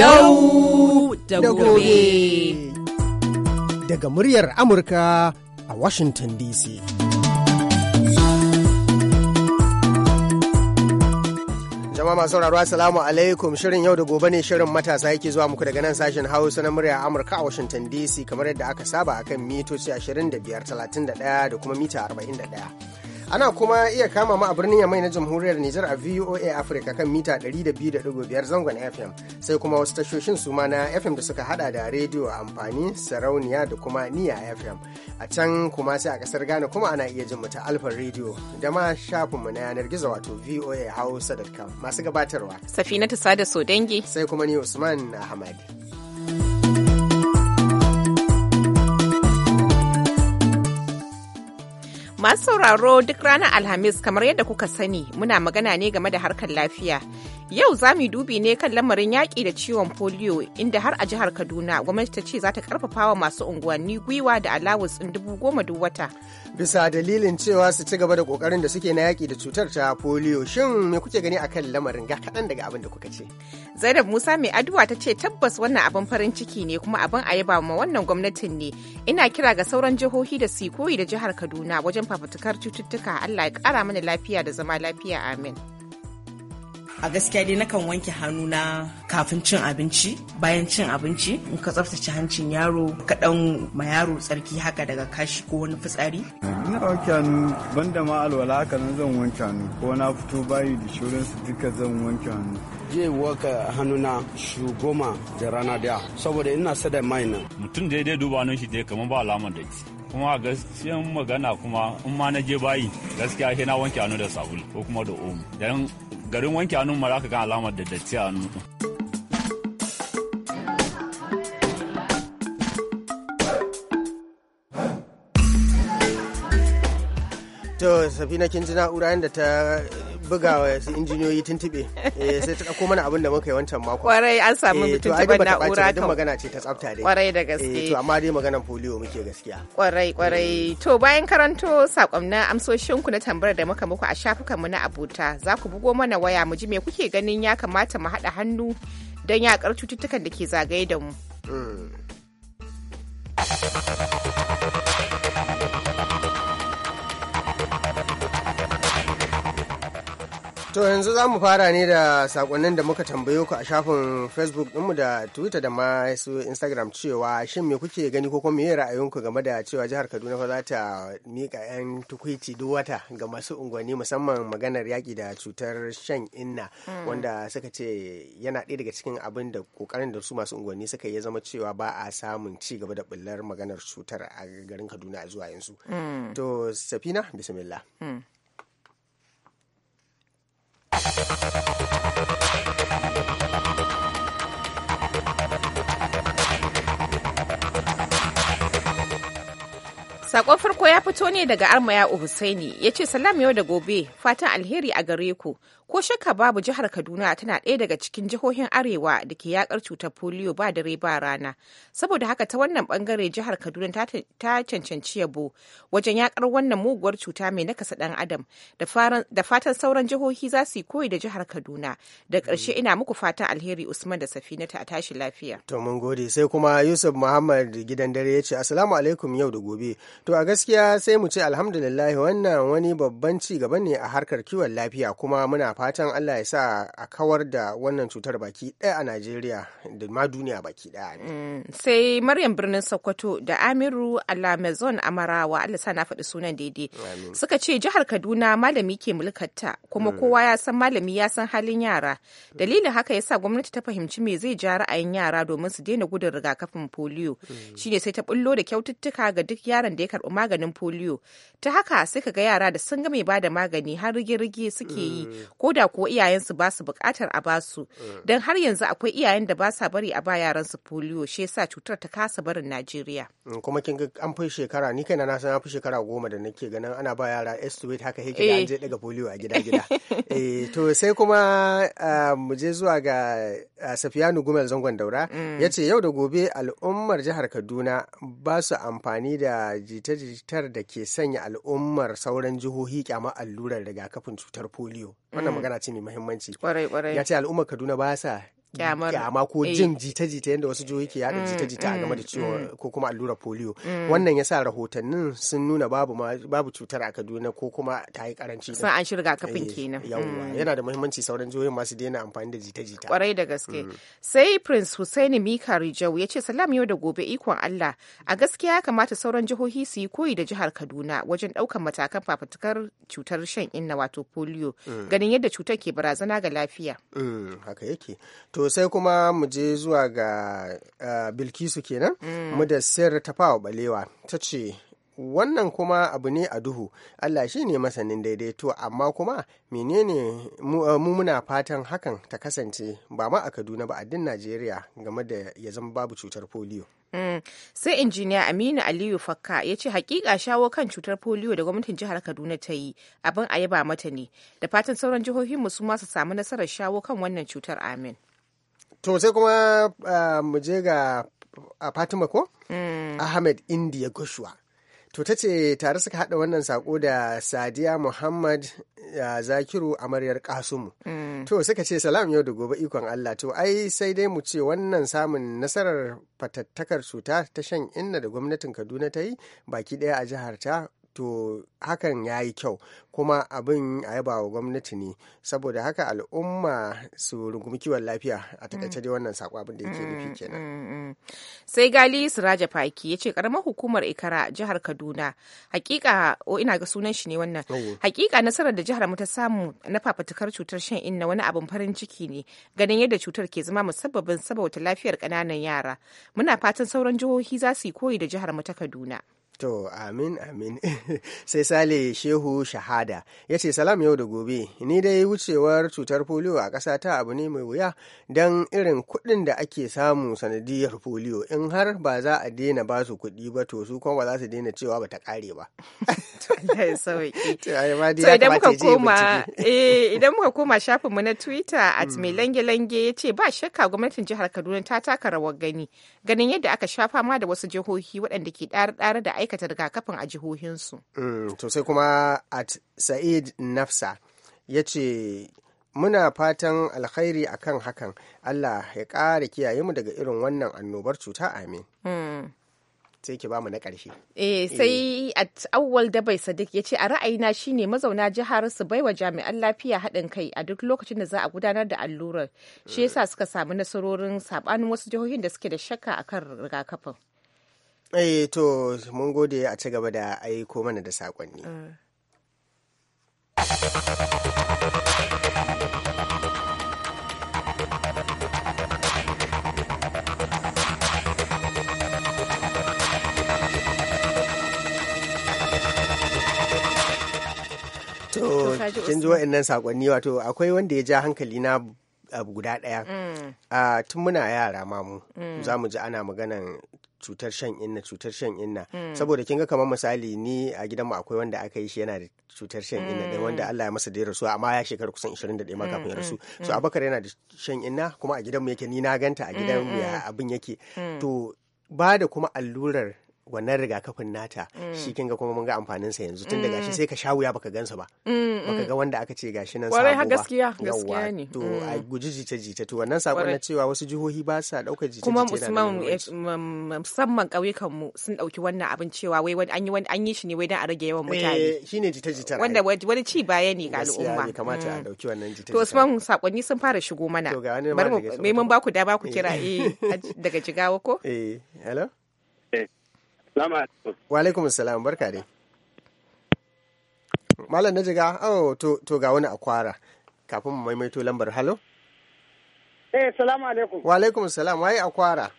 yau da gobe. Daga muryar Amurka a Washington DC. Jama'a masu sauraro Assalamu alaikum shirin yau da gobe ne shirin matasa yake zuwa muku daga nan sashen Hausa na murya Amurka a Washington DC kamar yadda aka saba akan mitoci 25, 31 da kuma mita 41. Ana kuma iya kama mu a birnin Yamai na Jamhuriyar Nijar a VOA Africa kan mita 200.5 zangon FM sai kuma wasu tashoshin su ma na FM da suka hada da rediyo amfani sarauniya da kuma niya FM. A can kuma sai a kasar Ghana kuma ana iya jin mu ta Alfa Radio da ma mu na yanar gizo wato voahausa.com masu gabatarwa. Safina ta sada so dangi. Sai kuma ni Usman Ahmad. Masu sauraro duk ranar Alhamis kamar yadda kuka sani muna magana ne game da harkar lafiya. Yau za mu dubi ne kan lamarin yaƙi da ciwon polio inda har a jihar Kaduna gwamnati ta ce za ta karfafa wa masu unguwanni gwiwa da alawus ɗin dubu goma duk wata. Bisa dalilin cewa su ci gaba da ƙoƙarin da suke na yaƙi da cutar ta polio shin me kuke gani akan lamarin ga kaɗan daga abin da kuka ce. Zainab Musa mai aduwa ta ce tabbas wannan abin farin ciki ne kuma abin a yaba ma wannan gwamnatin ne ina kira ga sauran jihohi da su koyi da jihar Kaduna wajen fafutukar cututtuka Allah ya ƙara mana lafiya da zama lafiya amin. a gaskiya dai nakan wanke hannu na kafin cin abinci bayan cin abinci in ka tsaftace hancin yaro ka dan ma yaro tsarki haka daga kashi ko wani fitsari ina wanke hannu banda ma alwala haka nan zan wanke hannu ko na fito bayi da shirin su duka zan wanke hannu je waka hannuna shu goma da rana da saboda ina sada mai nan mutum daidai duba nan shi dai kamar ba alamar da kuma gaskiyan magana kuma in ma na je bayi gaskiya sai na wanke hannu da sabulu ko kuma da omo don garin wanke hannun mara ka ga alamar da datti a hannu to safina kin ji na'ura da ta bugawa su injiniyoyi tuntube eh, sai ta ɗauko mana abin da muka yi wancan mako kwarai an samu eh, tuntuban na'ura to magana ce ta tsafta dai kwarai da eh, gaske to amma dai maganan polio muke gaskiya kwarai kwarai to bayan karanto sakonnin amsoshin ku na tambayar da muka muku a shafukanmu na abota za ku bugo mana waya mu ji me kuke ganin ya kamata mu haɗa hannu don yakar cututtukan da ke zagaye da mu. Hmm. To yanzu za mu fara ne da sakonnin da muka tambaye ku a shafin Facebook ɗinmu da Twitter da ma Instagram cewa shin me kuke gani ko kuma ra'ayinku game da cewa jihar Kaduna fa za ta mika 'yan tukwici duk wata ga masu unguwanni musamman maganar yaƙi da cutar shan inna hmm. wanda suka ce yana ɗaya daga cikin abin da ƙoƙarin da su masu unguwanni suka yi zama cewa ba a samun ci gaba da ɓullar maganar cutar a garin Kaduna a zuwa yanzu. Hmm. To Safina bismillah. Hmm. Sakon farko ya fito ne daga Armaya Uhusaini ya ce salam yau da gobe fatan alheri a gare ku ko shakka babu jihar kaduna tana ɗaya daga cikin jihohin arewa da ke yakar cutar polio ba dare ba rana saboda haka ta wannan bangare jihar kaduna ta cancanci yabo wajen yakar wannan muguwar cuta mai nakasa dan adam da fatan sauran jihohi za su yi koyi da jihar kaduna da karshe ina muku fatan alheri usman da safina ta tashi lafiya to mun gode sai kuma yusuf muhammad gidan dare ya ce assalamu alaikum yau da gobe to a gaskiya sai mu ce alhamdulillah wannan wani babban ci gaba ne a harkar kiwon lafiya kuma muna fatan allah ya sa a kawar da wannan cutar baki ɗaya a najeriya da ma duniya baki ɗaya mm, sai maryam birnin sokoto da amiru alamazon amarawa allah sa na faɗi sunan daidai suka ce jihar kaduna malami ke mulkarta kuma mm. kowa ya san malami ya san halin yara dalilin haka ya sa gwamnati ta fahimci me zai ja ra'ayin yara domin su daina gudun rigakafin polio mm. ne sai ta bullo da kyaututtuka ga duk yaron da ya karɓi maganin polio ta haka sai ka ga yara da sun ga mai bada magani har rige-rige suke yi mm. ko da ko iyayensu ba su bukatar a basu mm. don har yanzu akwai iyayen da ba sa bari a ba yaran su polio shi yasa cutar ta kasa barin Najeriya mm, kuma kin ga an fi shekara ni kaina na san an fi shekara goma da nake ganin ana ba yara estuate haka yake an je daga eh. polio a gida-gida eh, to sai kuma ah, mu je zuwa ga ah, Safiyanu Gumel Zangon Daura ya ce yau da gobe al'ummar jihar Kaduna ba su amfani da jita-jitar da ke sanya al'ummar sauran jihohi kyama allurar rigakafin cutar polio wannan mm. magana ce mai muhimmanci ya ce al'ummar kaduna ba sa kyama ko eh. jin jita-jita yadda wasu jihohi ke yada mm, jita-jita a game da mm, ciwon mm. ko kuma allura polio wannan yasa rahotannin sun nuna babu babu cutar a Kaduna ko kuma ta yi karanci sun an shirga kafin eh, kenan yana da muhimmanci sauran jihohin masu daina amfani da jita-jita kwarai da gaske sai prince Hussaini Mika Rijau ya ce salam yau da gobe ikon Allah a gaskiya ya kamata sauran jihohi su yi koyi da jihar Kaduna wajen daukan matakan fafutukar cutar shan inna wato polio ganin yadda cutar ke barazana ga lafiya haka yake to sai kuma mu je zuwa ga eh, bilkisu kenan mm. mu da sir tafawa balewa ta ce wannan kuma abu ne a duhu allah shi ne masanin daidaito amma kuma menene mu eh, muna fatan hakan ta kasance ba ma a kaduna ba a din najeriya game da ya zama babu cutar polio Mm. sai injiniya aminu aliyu fakka ya ce hakika shawo kan cutar polio da gwamnatin jihar kaduna ta yi abin a yaba mata ne da fatan sauran jihohin su ma su samu nasarar shawo kan wannan cutar amin to sai kuma eh, mu je ga fatima ko mm. ahmed india goshua to ta ce tare suka haɗa wannan sako da sadiya muhammad zakiru amaryar kasumu mm. to suka ce salam yau da gobe ikon allah to ai sai dai mu ce wannan samun nasarar fatattakar cuta ta shan inna da gwamnatin kaduna ta yi baki ɗaya a jihar ta to hakan ya yi kyau kuma abin a yaba wa gwamnati ne saboda haka al'umma su rungumi kiwon lafiya a mm. takaice dai wannan sako abin da yake nufi mm, kenan mm, sai gali siraja faki ya ce karamar hukumar ikara jihar kaduna hakika o ina ga sunan shi ne wannan hakika nasarar da jihar mu ta samu na fafatukar cutar shan inna wani abin farin ciki ne ganin yadda cutar ke zama musabbabin saboda lafiyar kananan yara muna fatan sauran jihohi za su yi koyi da jihar mu ta kaduna To, amin, amin. Sai Sale Shehu Shahada ya ce, Salam yau da gobe, ni dai wucewar cutar foliyo a ƙasa ta abu ne mai wuya don irin kuɗin da ake samu sanadiyar foliyo in har ba za a daina ba su kuɗi ba to su kuma ba za su daina cewa ba ta ƙare ba. Idan muka koma shafinmu na Twitter at mai lange-lange ya ce ba shakka gwamnatin jihar Kaduna ta taka rawar gani ganin yadda aka sha fama da wasu jihohi waɗanda ke ɗare-ɗare da aikata rigakafin a jihohinsu. Mm, to sai kuma at sa'id nafsa ya ce muna fatan alkhairi a kan hakan allah ya ƙara kiyaye mu daga irin wannan annobar cuta amin. Mm. sai ki bamu na ƙarshe. Eh, eh sai at awwal da bai Sadiq ya ce a ra'ayina shine mazauna jihar su baiwa jami'an lafiya haɗin kai a duk lokacin da za a gudanar da allurar. Shi mm. yasa suka samu nasarorin saɓanin wasu jihohin da suke da shakka akan rigakafin. eh to mun gode a ci gaba da aiko mana da sakonni to kin ji wa'annan sakonni wato akwai wanda ya ja hankali na abu guda ɗaya mm. ah, tun muna yara mamu mm. za mu ji ana maganan cutar shan inna cutar shan inna hmm. saboda kin ga kamar misali ni a gidanmu akwai wanda aka yi shi yana da cutar shan inna da wanda hmm. Allah ya masa da ya rasu amma ya shekara kusan 21 ma kafin ya hmm, rasu so abakar yana da shan inna kuma a gidanmu yake ni na ganta a gidanmu ya abin yake to ba da kuma allurar wannan rigakafin nata mm. shi kinga kuma mun ga amfanin sa yanzu tun da gashi mm. sai ka sha wuya baka gansa ba mm, baka ga wanda aka ce gashi nan sabo ba gaskiya gaskiya ne to a guji jita jita to wannan sakon na cewa wasu jihohi ba sa dauka jita jita kuma musamman kauyukan eh, mu sun dauki wannan abin cewa wai an yi an yi shi ne wai dan a rage yawan mutane eh, shine jita jita wanda wani ci baya ne ga al'umma ya kamata a dauki wannan jita jita to Usman sakonni sun fara shigo mana bari mun ba ku da ba ku kira eh, eh daga jigawa ko eh hello eh Wa alaikum salam barka dai. Malam na jiga, oh, to, to ga wani akwara kafin mu maimaito lambar halo. Eh, salamu alaikum. Wa alaikum salam, waye akwara?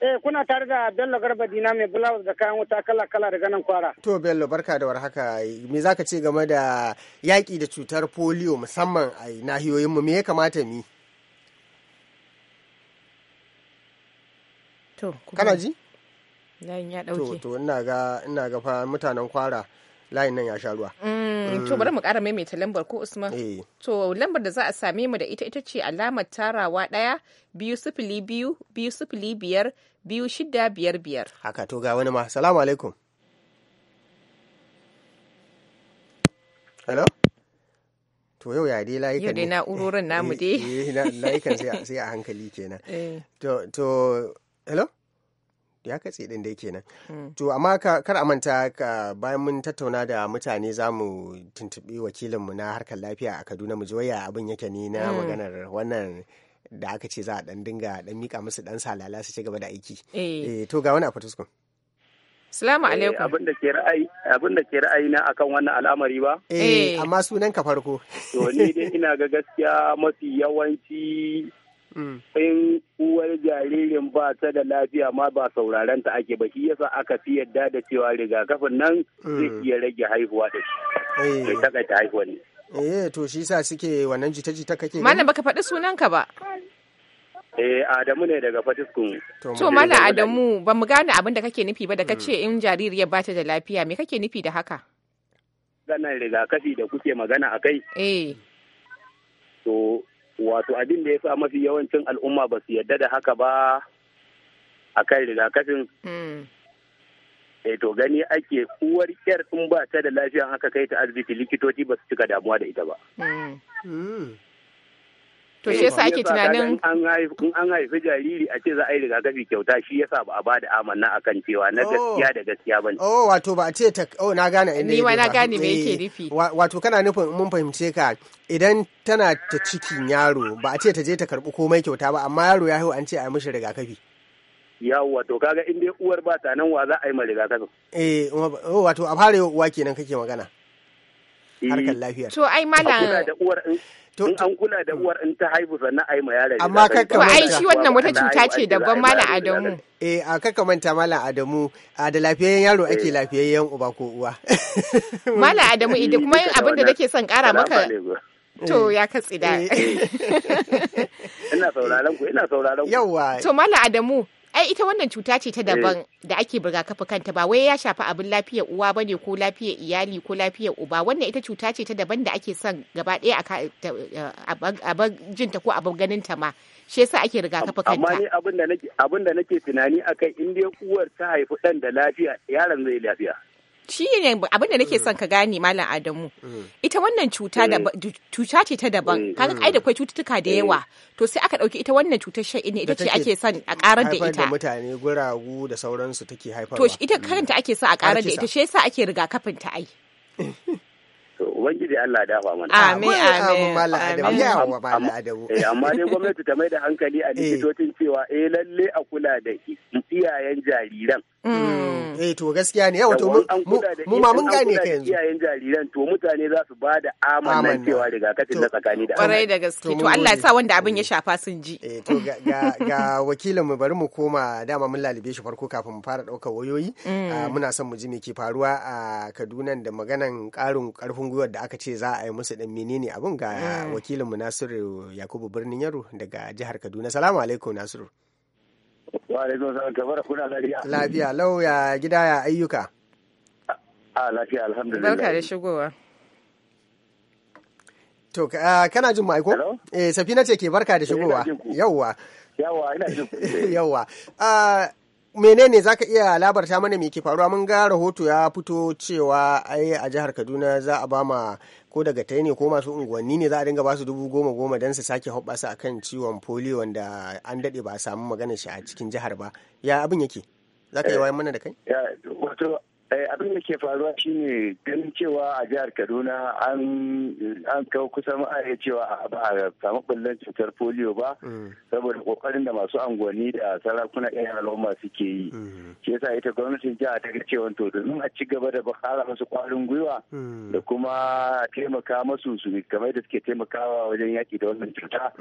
Eh, kuna tare da Bello Garba Dina mai blouse da kayan wuta kala-kala daga nan kwara. To Bello, barka da warhaka. Me za ka ce game da yaƙi da cutar polio musamman a nahiyoyinmu me ya kamata mi? To, kana ji? to to ina ga ina ga fa mutanen kwara layin nan ya sha ruwa mm, to mm. bari mu kara maimaita lambar ko usman eh. to lambar da za a same mu da ita ita ce alamar tarawa ɗaya biyu sifili biyu biyu sifili biyar biyu shida biyar biyar haka to ga wani ma salamu alaikum hello to yau ya dai layukan yau dai na'urorin namu eh, dai eh, layukan sai a hankali kenan to to hello ya katse din dai kenan hmm. to amma kar a manta bayan mun tattauna da mutane za mu tuntuɓi wakilinmu na harkar lafiya a kaduna mu joya abin yake ne na hmm. maganar wannan da aka ce za a dan dinga dan mika musu dan salala su ci gaba da aiki eh, eh to ga wani a fatuskun Salamu eh, alaikum. Abin da ke ra'ayi abin da ke ra'ayi na akan wannan al'amari ba? Eh, eh. amma sunan ka farko. To ni dai ina ga gaskiya mafi yawanci Mm. in uwar jaririn ba ta da lafiya ma ba sauraren ta ake ba shi yasa aka fi yadda da cewa rigakafin nan zai mm. iya rage haihuwa da shi eh. zai takaita haihuwa ne eh to shi yasa suke wannan jita-jita kake malam baka faɗi sunanka ba Eh Adamu ne daga Fatiskun. To Mala Adamu ba mu gane abin da kake nufi ba da kace in jaririyar ba ta da lafiya me kake nufi da haka? Ganan rigakafi da kuke magana a kai. Eh. To wato abin da ya sa mafi yawancin al'umma ba su yadda da haka ba a kan rigakafin hmm. Eto, eh, to gani ake uwar yar in ba ta da lafiya aka kai ta arziki, likitoci ba su cika damuwa da ita ba hmm. Hmm. To shi yasa ake tunanin an an haifi jariri a ce za a yi rigakafi kyauta shi yasa ba a ba da amanna akan cewa na oh. gaskiya da gaskiya bane. Oh wato ba a ce ta oh na gane inda Ni ma na gane me yake eh, nufi. Wato kana nufin mun fahimce ka idan tana ta cikin yaro ba a ce ta je ta karbi komai kyauta ba amma yaro ya haihu an ce a yi mishi rigakafi. yawwa to kaga in dai uwar ba ta nan wa za a yi ma rigakafin. Eh oh, wato a fara uwa kenan kake magana. Eh. Harkar lafiya. To ai malam. in an kula da mm. uwar in ta haihu sannan a yi ma yaron amma kaka manta ai shi wannan wata cuta ce daban mala adamu eh a kakka manta mala adamu a da lafiyayyen yaro ake eh. lafiyayyen uba ko uwa mala adamu idan kuma abin da nake son kara maka to eh. ya katsi da eh. ina sauraron ku ina sauraron ku yawa to mala adamu ai ita wannan cuta ce ta eh. daban da ake rigakafi kanta ba wai ya shafi abin lafiyar uwa ba ne ko lafiyar iyali ko lafiyar uba wannan ita cuta ce ta daban da ake son gaba ɗaya a bar jinta ko a ganin ta ma shi yasa ake rigakafi kanta amma ne abin da nake tunani akai in dai uwar ta haifi dan da lafiya yaron zai lafiya shi ne abin da nake son ka gane malam adamu mm. ita wannan cuta da mm. cuta ce ta daban mm. kaga ai da kwai cututtuka da yawa to sai aka dauki ita wannan cutar shan ne ita ce ake son a karar da ita mutane guragu da sauransu take haifarwa to ita karanta ake son a karar da ita shi yasa ake rigakafin ta ai to ubangiji Allah dafa mana amin amin eh, amma dai gwamnati ta mai da hankali a eh. likitocin cewa eh lalle a kula da iyayen jariran mm. eh to gaskiya ne yau to mu ma mun gane ka yanzu iyayen jariran to mutane za su bada amanan cewa rigakafin na tsakani da kwarai da gaske to Allah ya sa wanda abin ya mm. shafa sun ji eh to ga ga wakilin mu bari mu koma dama mun lalube shi farko kafin mu fara daukar wayoyi mm. ah, muna son mu ji me ke faruwa a Kaduna da maganan karin karfin gwiwar da aka ce za a yi musu din menene abun ga mm. wakilin mu Nasiru Yakubu Birnin Yaro daga jihar Kaduna. Salamu alaikum Nasiru. Wa alaikum salam kamar kuna lafiya. Lafiya lau ya gida ya ayyuka. A lafiya alhamdulillah. Barka da shigowa. To kana jin mu aiko? Eh Safina ce ke barka da eh, shigowa. Yawwa. Yawwa ina jin. Yawwa. menene za ka iya labarta mana me ke faruwa mun ga rahoto ya fito cewa ai a jihar kaduna za a ba ko daga tai ne ko masu unguwanni ne za a dinga basu dubu goma goma don su sake hoɓɓasa a kan ciwon polio wanda an daɗe ba a samu magana shi a cikin jihar ba ya abin yake za ka yi eh, wayan mana da kai Eh, abin da ke faruwa shine ganin cewa a jihar kaduna an kawo kusan ma'aya cewa ba a samu ɓullen cutar polio ba mm. saboda kokarin da masu angoni da sarakuna yan al'umma suke yi mm. shi yasa ita gwamnatin jiha ta ga cewa to domin a ci gaba da bakara masu kwarin gwiwa mm. da kuma taimaka masu su kamar da suke taimakawa wajen yaki da wannan cuta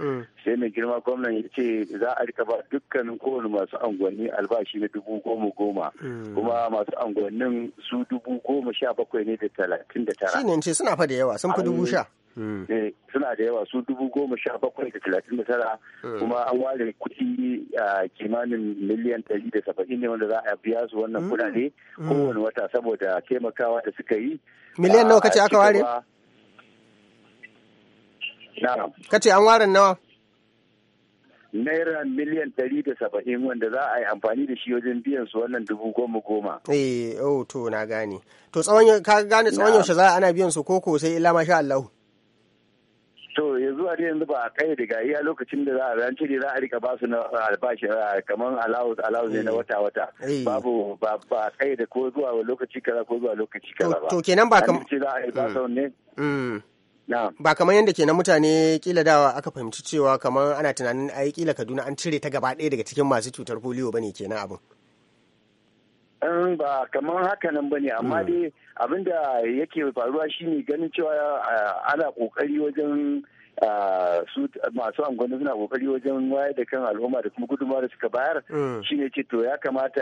sai mai girma gwamnan ya ce za a rika ba dukkanin kowane masu angoni albashi na dubu goma goma kuma masu angonin su dubu goma sha bakwai ne da talatin da tara. Shine ce suna fa da yawa sun fi dubu sha. Mm. Eh, suna da yawa su dubu goma sha bakwai da talatin da tara mm. kuma an ware kuɗi a kimanin miliyan ɗari da saba'in ne wanda za a biya su wannan mm. kuɗaɗe kowane wata saboda taimakawa da suka yi. Miliyan nawa kace aka ware? Na'am. Kace an ware nawa? naira miliyan ɗari da saba'in wanda za a yi amfani da shi wajen biyan su wannan dubu goma goma. Eh, oh, to na gane. To tsawon ka gane tsawon yaushe za ana biyan su koko sai illa masha Allah. To yanzu a yanzu ba a kai daga iya lokacin da za a rance ne za a rika basu na albashi kamar alawus alawus na eh. wata wata. Eh. Babu ba a kai da ko zuwa lokaci kaza ko zuwa lokaci kaza ba. To kenan ba kamar. za a yi ba mm. ne. Mm. ba kamar yadda ke na mutane kila dawa aka fahimci cewa kamar ana tunanin a yi kila kaduna an cire ta gaba ɗaya daga cikin masu cutar polio ke na abin ba kamar hakanan ba ne amma hmm. dai abinda yake faruwa shine ganin cewa eh, ana kokari wajen su masu angwani suna kokari wajen wayar da kan al'umma da kuma gudunmawa da suka bayar mm. shine ce to ya kamata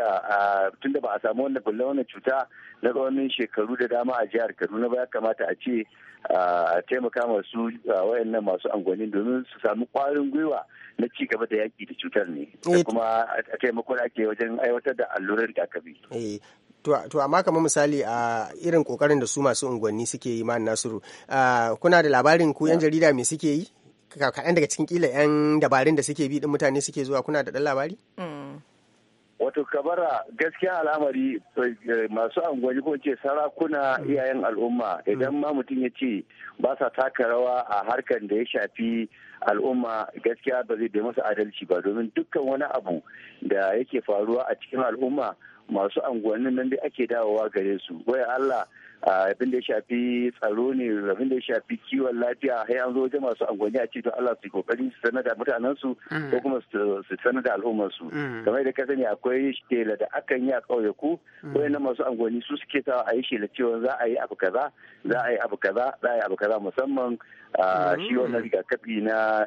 tunda ba a samu wannan bulla wannan cuta na tsawon shekaru da dama a jihar kaduna ba ya kamata a ce a taimaka masu wayannan masu angoni domin su samu kwarin gwiwa na ci gaba da yaki da cutar ne eh. kuma a taimakon ake wajen aiwatar da allurar rigakafi. Eh, to amma kamar misali a irin kokarin da su masu unguwanni suke yi man nasiru kuna da labarin ku yan jarida me suke yi kaɗan daga cikin kila yan dabarun da suke bi din mutane suke zuwa kuna da ɗan labari mm. wato kabara gaskiya al'amari eh, masu unguwanni ko ce sarakuna mm. iyayen al'umma mm. idan ma mutum ya ce ba sa taka rawa a harkar da ya shafi al'umma gaskiya ba zai bai masa adalci ba domin dukkan wani abu da yake faruwa a cikin al'umma masu anguwannin nan da ake dawowa gare su waya Allah abin da ya shafi tsaro ne abin da ya shafi kiwon lafiya har an zo wajen masu angwani a ce don Allah su kokari su sanar da mutanen mm. su ko kuma su sanar da al'ummarsu su mm. kamar da ka sani akwai shela da akan yi a ƙauyaku mm. wayannan masu angwani su suke sawa a yi shela cewa za a yi abu kaza za a yi abu kaza za a yi abu kaza musamman Mm. shi wannan rigakafi na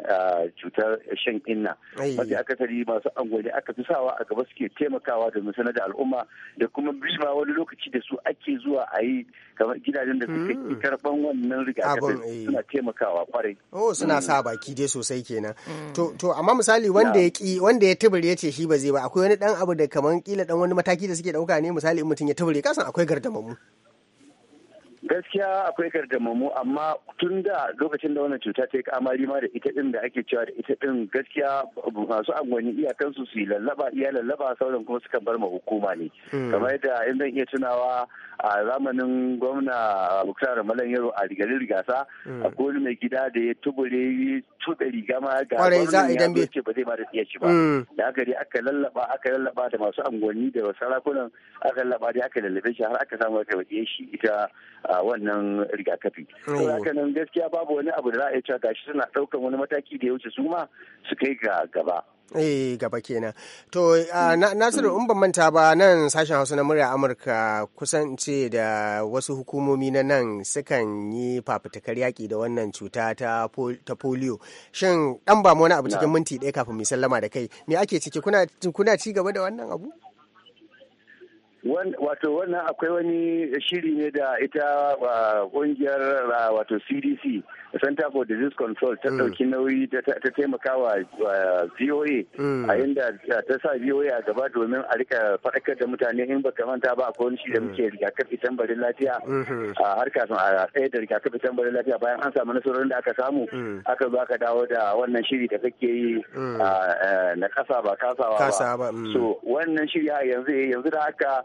cutar shan inna aka akasari masu angoli aka fi sawa a gaba suke taimakawa da musana da al'umma da kuma bisma wani lokaci da su ake zuwa a yi kamar gidajen da suke mm. karban wannan rigakafin eh. suna taimakawa kwarai oh suna mm. sa baki dai sosai kenan to to amma misali wanda ya ki wanda ya tubure ya ce shi ba zai ba akwai wani dan abu da kamar kila dan wani mataki da suke dauka ne misali in mutum ya tubure kasan akwai gardamamu gaskiya akwai kardamamu amma tun da lokacin da wannan cuta ta yi kamari ma da ita din da ake cewa da ita din gaskiya masu angwani iyakansu su yi lallaba iya lallaba sauran kuma suka bar ma hukuma ne hmm. kamar yadda in zan iya tunawa a zamanin gwamna buktar malam yaro a rigari rigasa hmm. a wani mai gida da ya tubure tuɗa riga ma ga gwamnan ya ce ba zai ma da ci ba hmm. da aka dai aka lallaba aka lallaba da masu angwani da sarakunan aka lallaba dai aka lallabe shi har aka samu aka shi ita wannan rigakafi. Saboda nan gaskiya babu wani abu da za a iya cewa shi suna ɗaukan wani mataki da ya wuce su ma su kai ga gaba. eh gaba kenan to nasiru in ban manta ba nan sashen hausa na murya amurka kusan ce da wasu hukumomi na nan sukan yi fafutukar yaƙi da wannan cuta ta, polio shin dan ba mu wani abu cikin minti ɗaya kafin mu sallama da kai me ake ciki kuna ci gaba da wannan abu wato wannan akwai wani shiri ne da ita kungiyar wato cdc center for disease control ta dauki mm. nauyi ta taimaka wa voa mm. a inda ta sa voa a gaba domin a rika faɗakar da mutane in baka manta ba akwai wani shiri da mm. muke rigakafi tambarin lafiya mm-hmm. a har kafin a tsaye da rigakafi tambarin lafiya bayan an samu nasarorin da aka samu aka zo aka dawo da wannan shiri da kake yi na kasa ba kasawa ba so wannan shiri yanzu yanzu da haka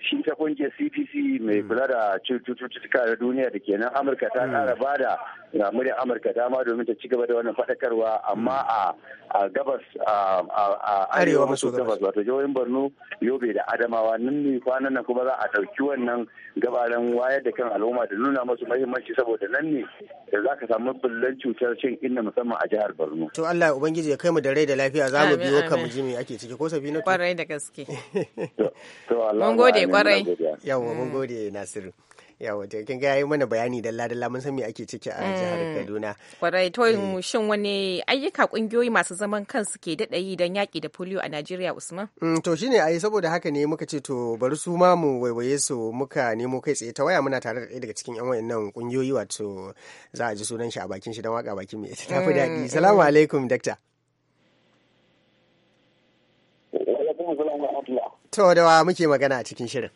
shi ta kungiyar cpc mai hmm. kula da cututtuka na duniya da kenan amurka ta kara hmm. ba da muryar amurka dama domin ta ci gaba da wannan faɗakarwa amma hmm. a gabas a arewa maso gabas wato jihohin borno yobe da adamawa nan ne kwanan nan kuma za a ɗauki wannan gabaran wayar da kan al'umma da nuna musu mahimmanci saboda nan ne da za ka samu bullan cutar cin inna musamman a jihar borno. to allah ubangiji ya kai mu da rai da lafiya za mu biyo ka mu ji me ake ciki ko sabi na kwarai da gaske. kwarai Yawon mun mm. gode nasiru Yawon to kin ga yi mana bayani dalla dalla mun san me ake ciki a jihar mm. Kaduna kwarai to mm. shin wani ayyuka kungiyoyi masu zaman kansu ke dada yi don yaki da polio a Najeriya Usman to shine ai saboda haka ne muka ce to bari su ma mu waiwaye su muka nemo kai tsaye ta waya muna tare da ɗaya daga cikin yan wayannan kungiyoyi wato za a ji sunan shi a bakin shi dan waka bakin mai ta fi daɗi salamu alaikum dakta to da wa muke magana a cikin shirin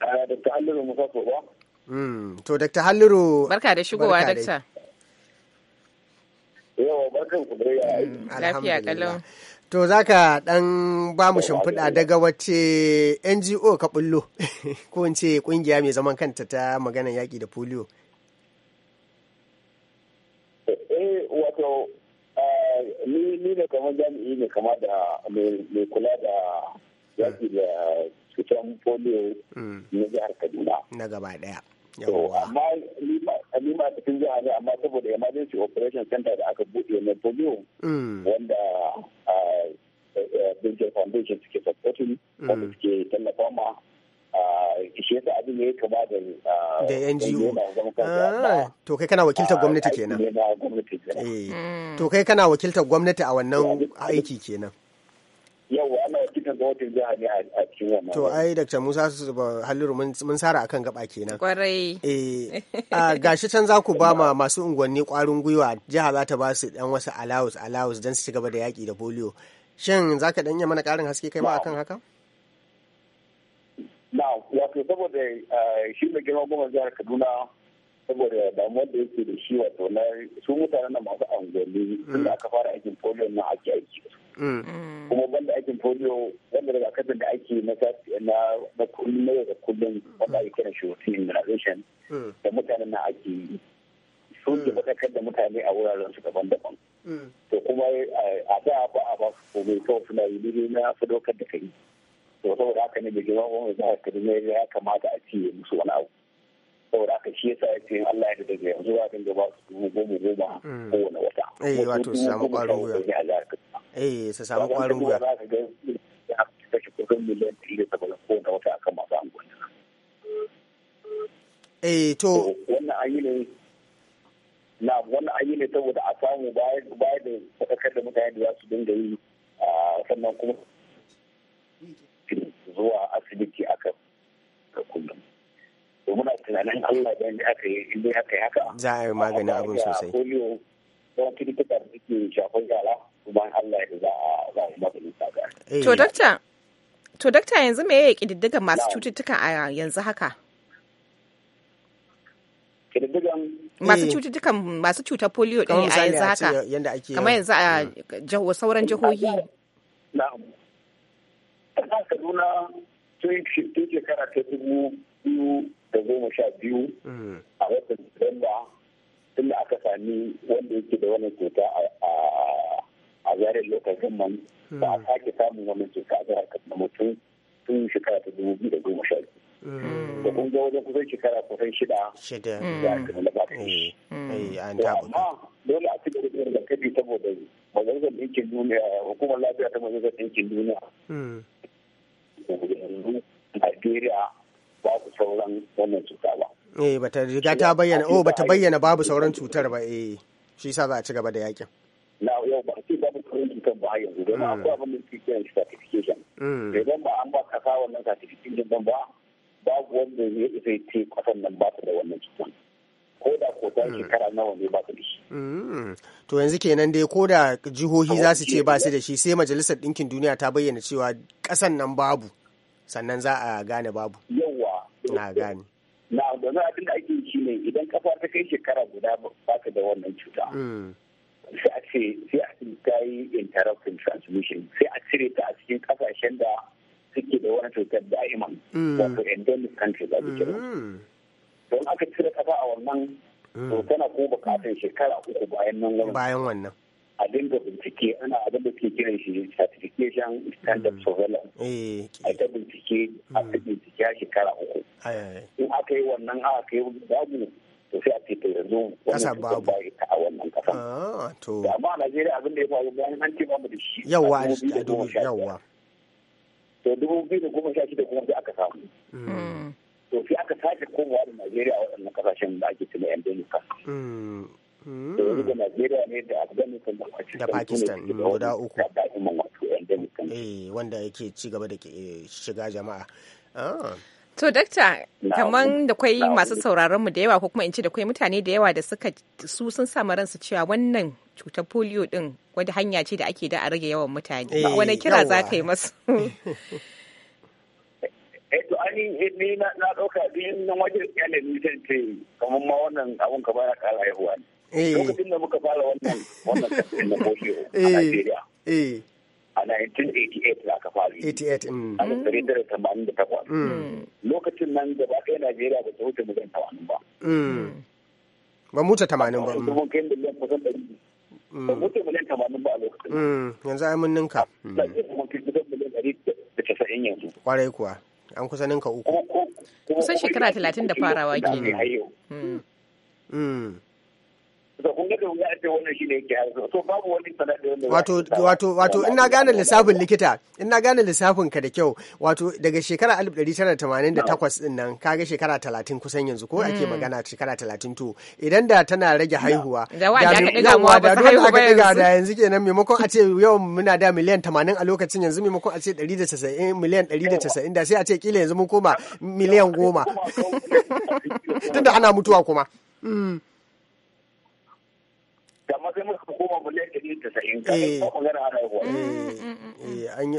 eh, hmm, to Dr. Halliru barka da shigowa dakta yawa hmm, lafiya kalau to ka ɗan ba mu shimfiɗa daga wace NGO ka ɓullo. ko in ce ƙungiya mai zaman kanta ta maganar yaƙi da polio eh, ni ne kamar jami'i ne kama da mai kula da yaki da cutar polio mm. na jihar kaduna na gaba daya amma ni ma cikin jiha ne amma saboda emergency operation center da aka bude na polio mm. wanda a ah, eh, eh, bincin foundation suke supporting wanda mm. suke tallafa ma shi da abin ya kama da da ah, to kai kana wakiltar gwamnati kenan eh, hmm. to kai kana wakiltar gwamnati a wannan aiki kenan ana wakiltar ne a cikin wannan to ai Dr. Musa Halliru mun sara akan gaba kenan kwarai eh gashi can za ku ba ma masu unguwanni kwarin gwiwa jiha za ta ba su dan wasu allowance allowance don su ci gaba da yaki da polio shin zaka dan iya mana karin haske kai ma akan haka na wato saboda eh, shi mai girma goma jihar kaduna saboda damuwar da yake da shi wato na su mutanen na masu angoli inda mm. aka fara aikin polio na ake aiki mm. kuma banda aikin polio wanda daga kasar da ake na na kullum na yau da kullum wanda ake kira shi immunization mm. da mutanen na ake yi sun ke matakar da mutane a wuraren su daban-daban to kuma eh, a da ba a ba su komai kawai suna yi na fadokar da kai to saboda haka ne da girman gwamnati jihar kaduna ya kamata a ce musu wani abu saboda haka shi yasa ya ce Allah ya da daga yanzu za dinga ba su dubu goma goma mm. kowane wata. Eh wato su samu ƙwarin wuya. Eh su samu ƙwarin wuya. Za ka ga ya kashe miliyan ɗari da kowane wata akan masu Eh to. Wannan an yi ne na wannan an yi ne saboda a samu baya da faɗakar da mutane da za su dinga yi ah, sannan kuma tunanin Allah da aka yi inda aka yi haka. Za a yi maganin abin sosai. To dakta yanzu me yake ƙididdigan masu cututtuka a yanzu haka? masu eh. cututtukan masu cutar polio din a yanzu haka kamar yanzu a mm. sauran jihohi na'am ta kaduna shekara ta da goma sha biyu mm. a watan Disamba tunda aka sami wanda yake da wannan cuta a zarin lokacin man ba a sake samun wannan cuta a zarar Katsina mutum tun shekara ta dubu biyu da goma sha biyu. Mm. Da kun ga wajen kusan shekara kusan shida. Shida. Da aka nuna ba kai. Eh, mm. eh, amma dole a ci gaba da rigakafi saboda majalisar ɗinkin duniya hukumar lafiya ta majalisar ɗinkin duniya. Nigeria, babu sauran wannan cuta ba. Eh bata riga ta bayyana oh bata bayyana babu sauran cutar ba eh shi yasa za a ci gaba da yakin. Na yau ba ce babu sauran cutar ba yanzu don akwai abin da cikin kiran certification. Mm. Eh, idan ba an ba ka sa wannan certification din ba babu wanda zai isa ya ce kwatan nan ba ta da wannan cutar. ko da ko ta mm. shekara nawa ne ba ta da shi. Mm. To yanzu kenan dai ko da jihohi za su ce ba su da shi sai majalisar ɗinkin duniya ta bayyana cewa ƙasan nan babu sannan za a gane babu. na gani na domin abin da ake shi ne idan kafa ta kai shekara guda ba ka da wannan cuta mm. sai a ce sai a ta yi interrupting transmission sai a cire ta a cikin kasashen da suke da wani cutar da'iman mm. wato endemic country da kira mm. don aka cire kafa a wannan to tana ko bukatan shekara uku bayan nan bayan wannan a dinga bincike ana abin da ke kiran shi certification standard mm. surveillance eh, a ta bincike a ta mm. bincike a shekara uku in aka yi wannan a aka yi babu to sai a ce ta yanzu wani babu ba ita a wannan kasa ah, to amma a Najeriya abin da ya faru bayan an ce babu da shi yawa a dubu yawa to dubu biyu da goma sha shida kuma sai aka samu mm. to sai aka sake komawa da Najeriya a wannan kasashen da ake tuna yan Democrat Hmm. da pakistan guda uku eh, wanda yake ci gaba da eh, shiga jama'a ah. To, dakta, kamar da kwai masu sauraron mu da yawa ko kuma in ce da kwai mutane da yawa da suka su sun samu ransu cewa wannan cutar polio din wani hanya ce da ake da a rage yawan mutane. Eh, wani kira za ka yi masu? Eto, ani ni na ɗauka biyun na wajen yanayin mutum ce kamar ma wannan abun ka baya kara haihuwa ne. Lokacin da muka fara wannan wannan kasar na a Nigeria. A 1988 aka fara. 88. A Lokacin nan gaba ɗaya Najeriya ba ta wuce miliyan tamanin ba. Ba mu ta tamanin ba. Ba mu ta kusan Ba mu ta ba a lokacin. Yanzu ai mun ninka. Ba mu kuwa. An kusa ninka uku. Kusan shekara talatin da farawa ke ne. da kun da wuya ce wannan shine yake haifar to babu wani sanadi wanda wato wato wato ina gane lissafin likita ina gane lissafin ka da kyau wato daga shekara 1988 din nan kaga shekara 30 kusan yanzu ko ake hmm. magana shekara 30 to idan da tana rage haihuwa da wanda da dole aka diga da yanzu kenan maimakon a ce yau muna da miliyan 80 a lokacin yanzu maimakon a ce 190 eh, miliyan 190 da sai a ce kila yanzu mun koma miliyan 10 tunda ana mutuwa kuma hmm. amma sai muka koma miliyan ɗari da tasa'in ka eh. ba magana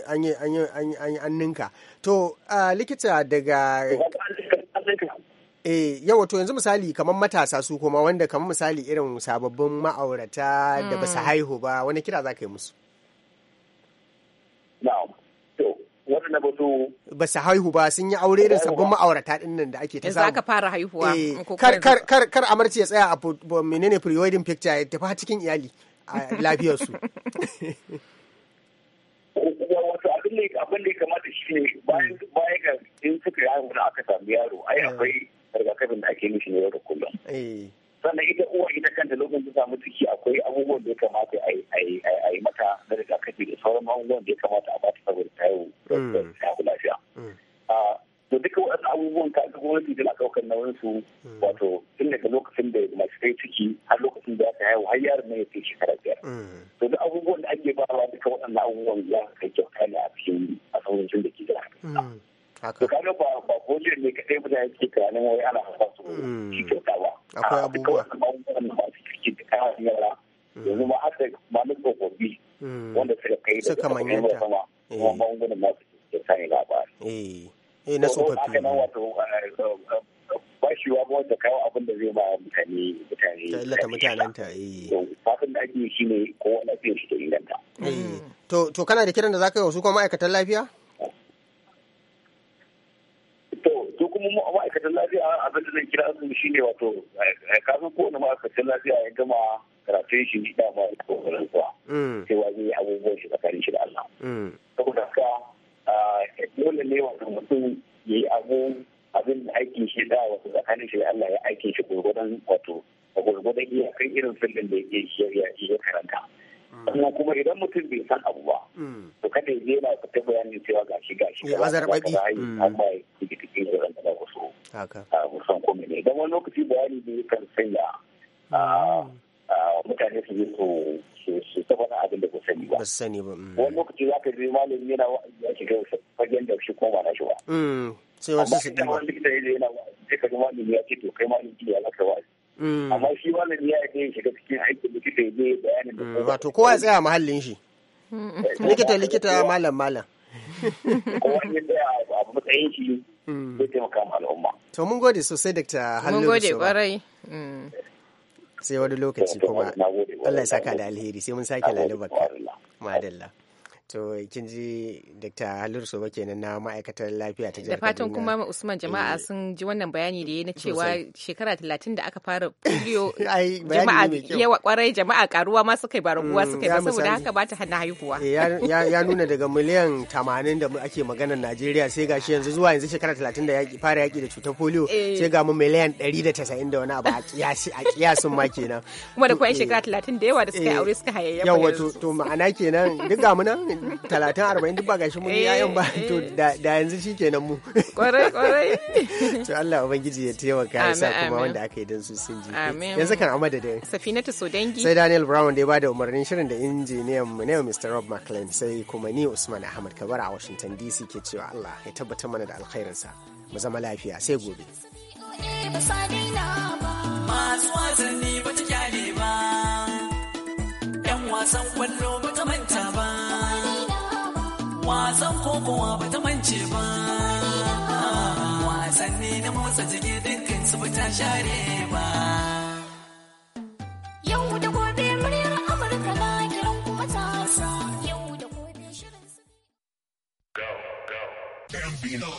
ana yawa an ninka to likita daga Eh, yawa to yanzu misali kamar matasa su kuma wanda kamar misali irin sababbin ma'aurata da ba su mm. haihu ba wani kira za ka yi musu? waɗanda ba su ba su haihu ba sun yi aure da sabbin ma'aurata din nan da ake ta eh, samu. Za fara haihuwa. Eh, kar kar kar kar amarci ya tsaya a menene pre-wedding picture ya tafi cikin iyali a lafiyarsu. Wato abin da abin da kamata shi ne bayan hmm. bayan ga in suka yi haihuwa aka samu yaro ai eh. akwai rigakafin da ake mishi ne yau da kullum. sannan ita uwa ita kanta lokacin ta samu ciki akwai abubuwan da ya kamata a yi mata na rigakafi da sauran abubuwan da ya kamata a bata saboda ta yi mm. ta lafiya. Mm. to duka wasu abubuwan ka ga gwamnati tana ɗaukar nauyin su mm. wato tun daga lokacin da masu kai ciki har lokacin da ta haihu har yaron ne ya kai shekara biyar. to duk abubuwan da ake wa duka waɗannan abubuwan ya kai kyauta ne a cikin asawuncin da ke da haka kaga ba ba ne kadai ba da yake tunanin wai ana hafa su hmm. shi ba akwai abubuwa da kawo yara hmm. yanzu ma hmm. wanda suka kai da suka manyanta kuma eh. eh eh na ne wato eh, eh, ba shi wa wanda abin da zai ba mutane mutane ta illata mutanen ta eh da ake shi ne shi inganta to to kana da kiran da zaka yi wasu kuma ma'aikatan lafiya kuma mu a ma'aikatan lafiya abin da zan kira su ne wato eh, eh, kafin kowane ma'aikatan lafiya ya gama karatun shi ne dama ya kowa rantsuwa sai mm. zai abubuwan shi tsakanin shi da Allah mm. saboda haka ah, dole ne wato mutum ya yi abun abin da aikin shi da wato tsakanin shi da Allah ya aikin shi gurgudan wato a gurgudan iyakan irin filin da ya karanta kuma kuma idan mutum bai san abu ba mm. to kada ya yana fita bayani cewa gashi gashi ya azarbaɗi mm. an ba tikitikin zuran da wasu ah, san kome ne idan wani lokaci bayani da kan sanya mm. ah, ah, mutane su zo su su tabbata abin da ba sani ba sani ba wani lokaci za ka je malami yana wa'azi ya shiga fagen da shi ko ba na shi ba sai wasu su dima amma idan wani likita ya wa'azi sai ya ce to kai malami ya zaka wa'azi Mm. amma shi malami ya yi shiga cikin aikin likita ya je bayanin da mm. wato kowa ya tsaya mahallin shi eh, likita likita malam malam kowa ya yi a matsayin shi mm. zai taimaka ma al'umma to mun gode sosai dakta halin mun gode kwarai sai wani lokaci kuma Allah ya saka da alheri sai mun sake lalubar madalla to kin ji Dr. Halil Soba kenan na ma'aikatar lafiya ta jihar Kaduna Da fatan kuma Usman jama'a eh. sun ji wannan bayani da ya na cewa shekara talatin da aka fara polio jama'a yawa kwarai jama'a karuwa ma suka yi ba raguwa mm, suka yi ba saboda haka ba ta hana haihuwa. Eh, ya nuna daga miliyan tamanin da ake magana Najeriya sai shi yanzu zuwa yanzu shekara talatin da ya fara yaki da cutar polio eh. sai ga mu miliyan ɗari da tasa'in da wani abu a kiyasin ma kenan. Kuma da kuwa shekara talatin da yawa da suka yi aure suka hayayyafa yanzu. Yawa to ma'ana kenan duk ga mu nan talatin arba'in duk ba gashi mun yin ba eh, to eh. da yanzu shi kenan mu kwarai kwarai to Allah ubangiji ya taimaka ya sa kuma wanda aka yi don su sun ji yanzu kan amma da dai safinatu so dangi sai Daniel Brown da ya bada umarnin shirin da injiniyan mu ne Mr Rob McLean sai kuma ni Usman Ahmad Kabara a Washington DC ke cewa Allah ya tabbatar mana da sa mu zama lafiya sai gobe masu wasanni ba ta kyale ba 'yan wasan kwallo ba ta manta ba wasan kokowa ba ta mance ba wasanni na motsa jiki dukkan su ba ta share ba yau da gobe muryar amurka na kiran kuma ta yau da gobe shirin su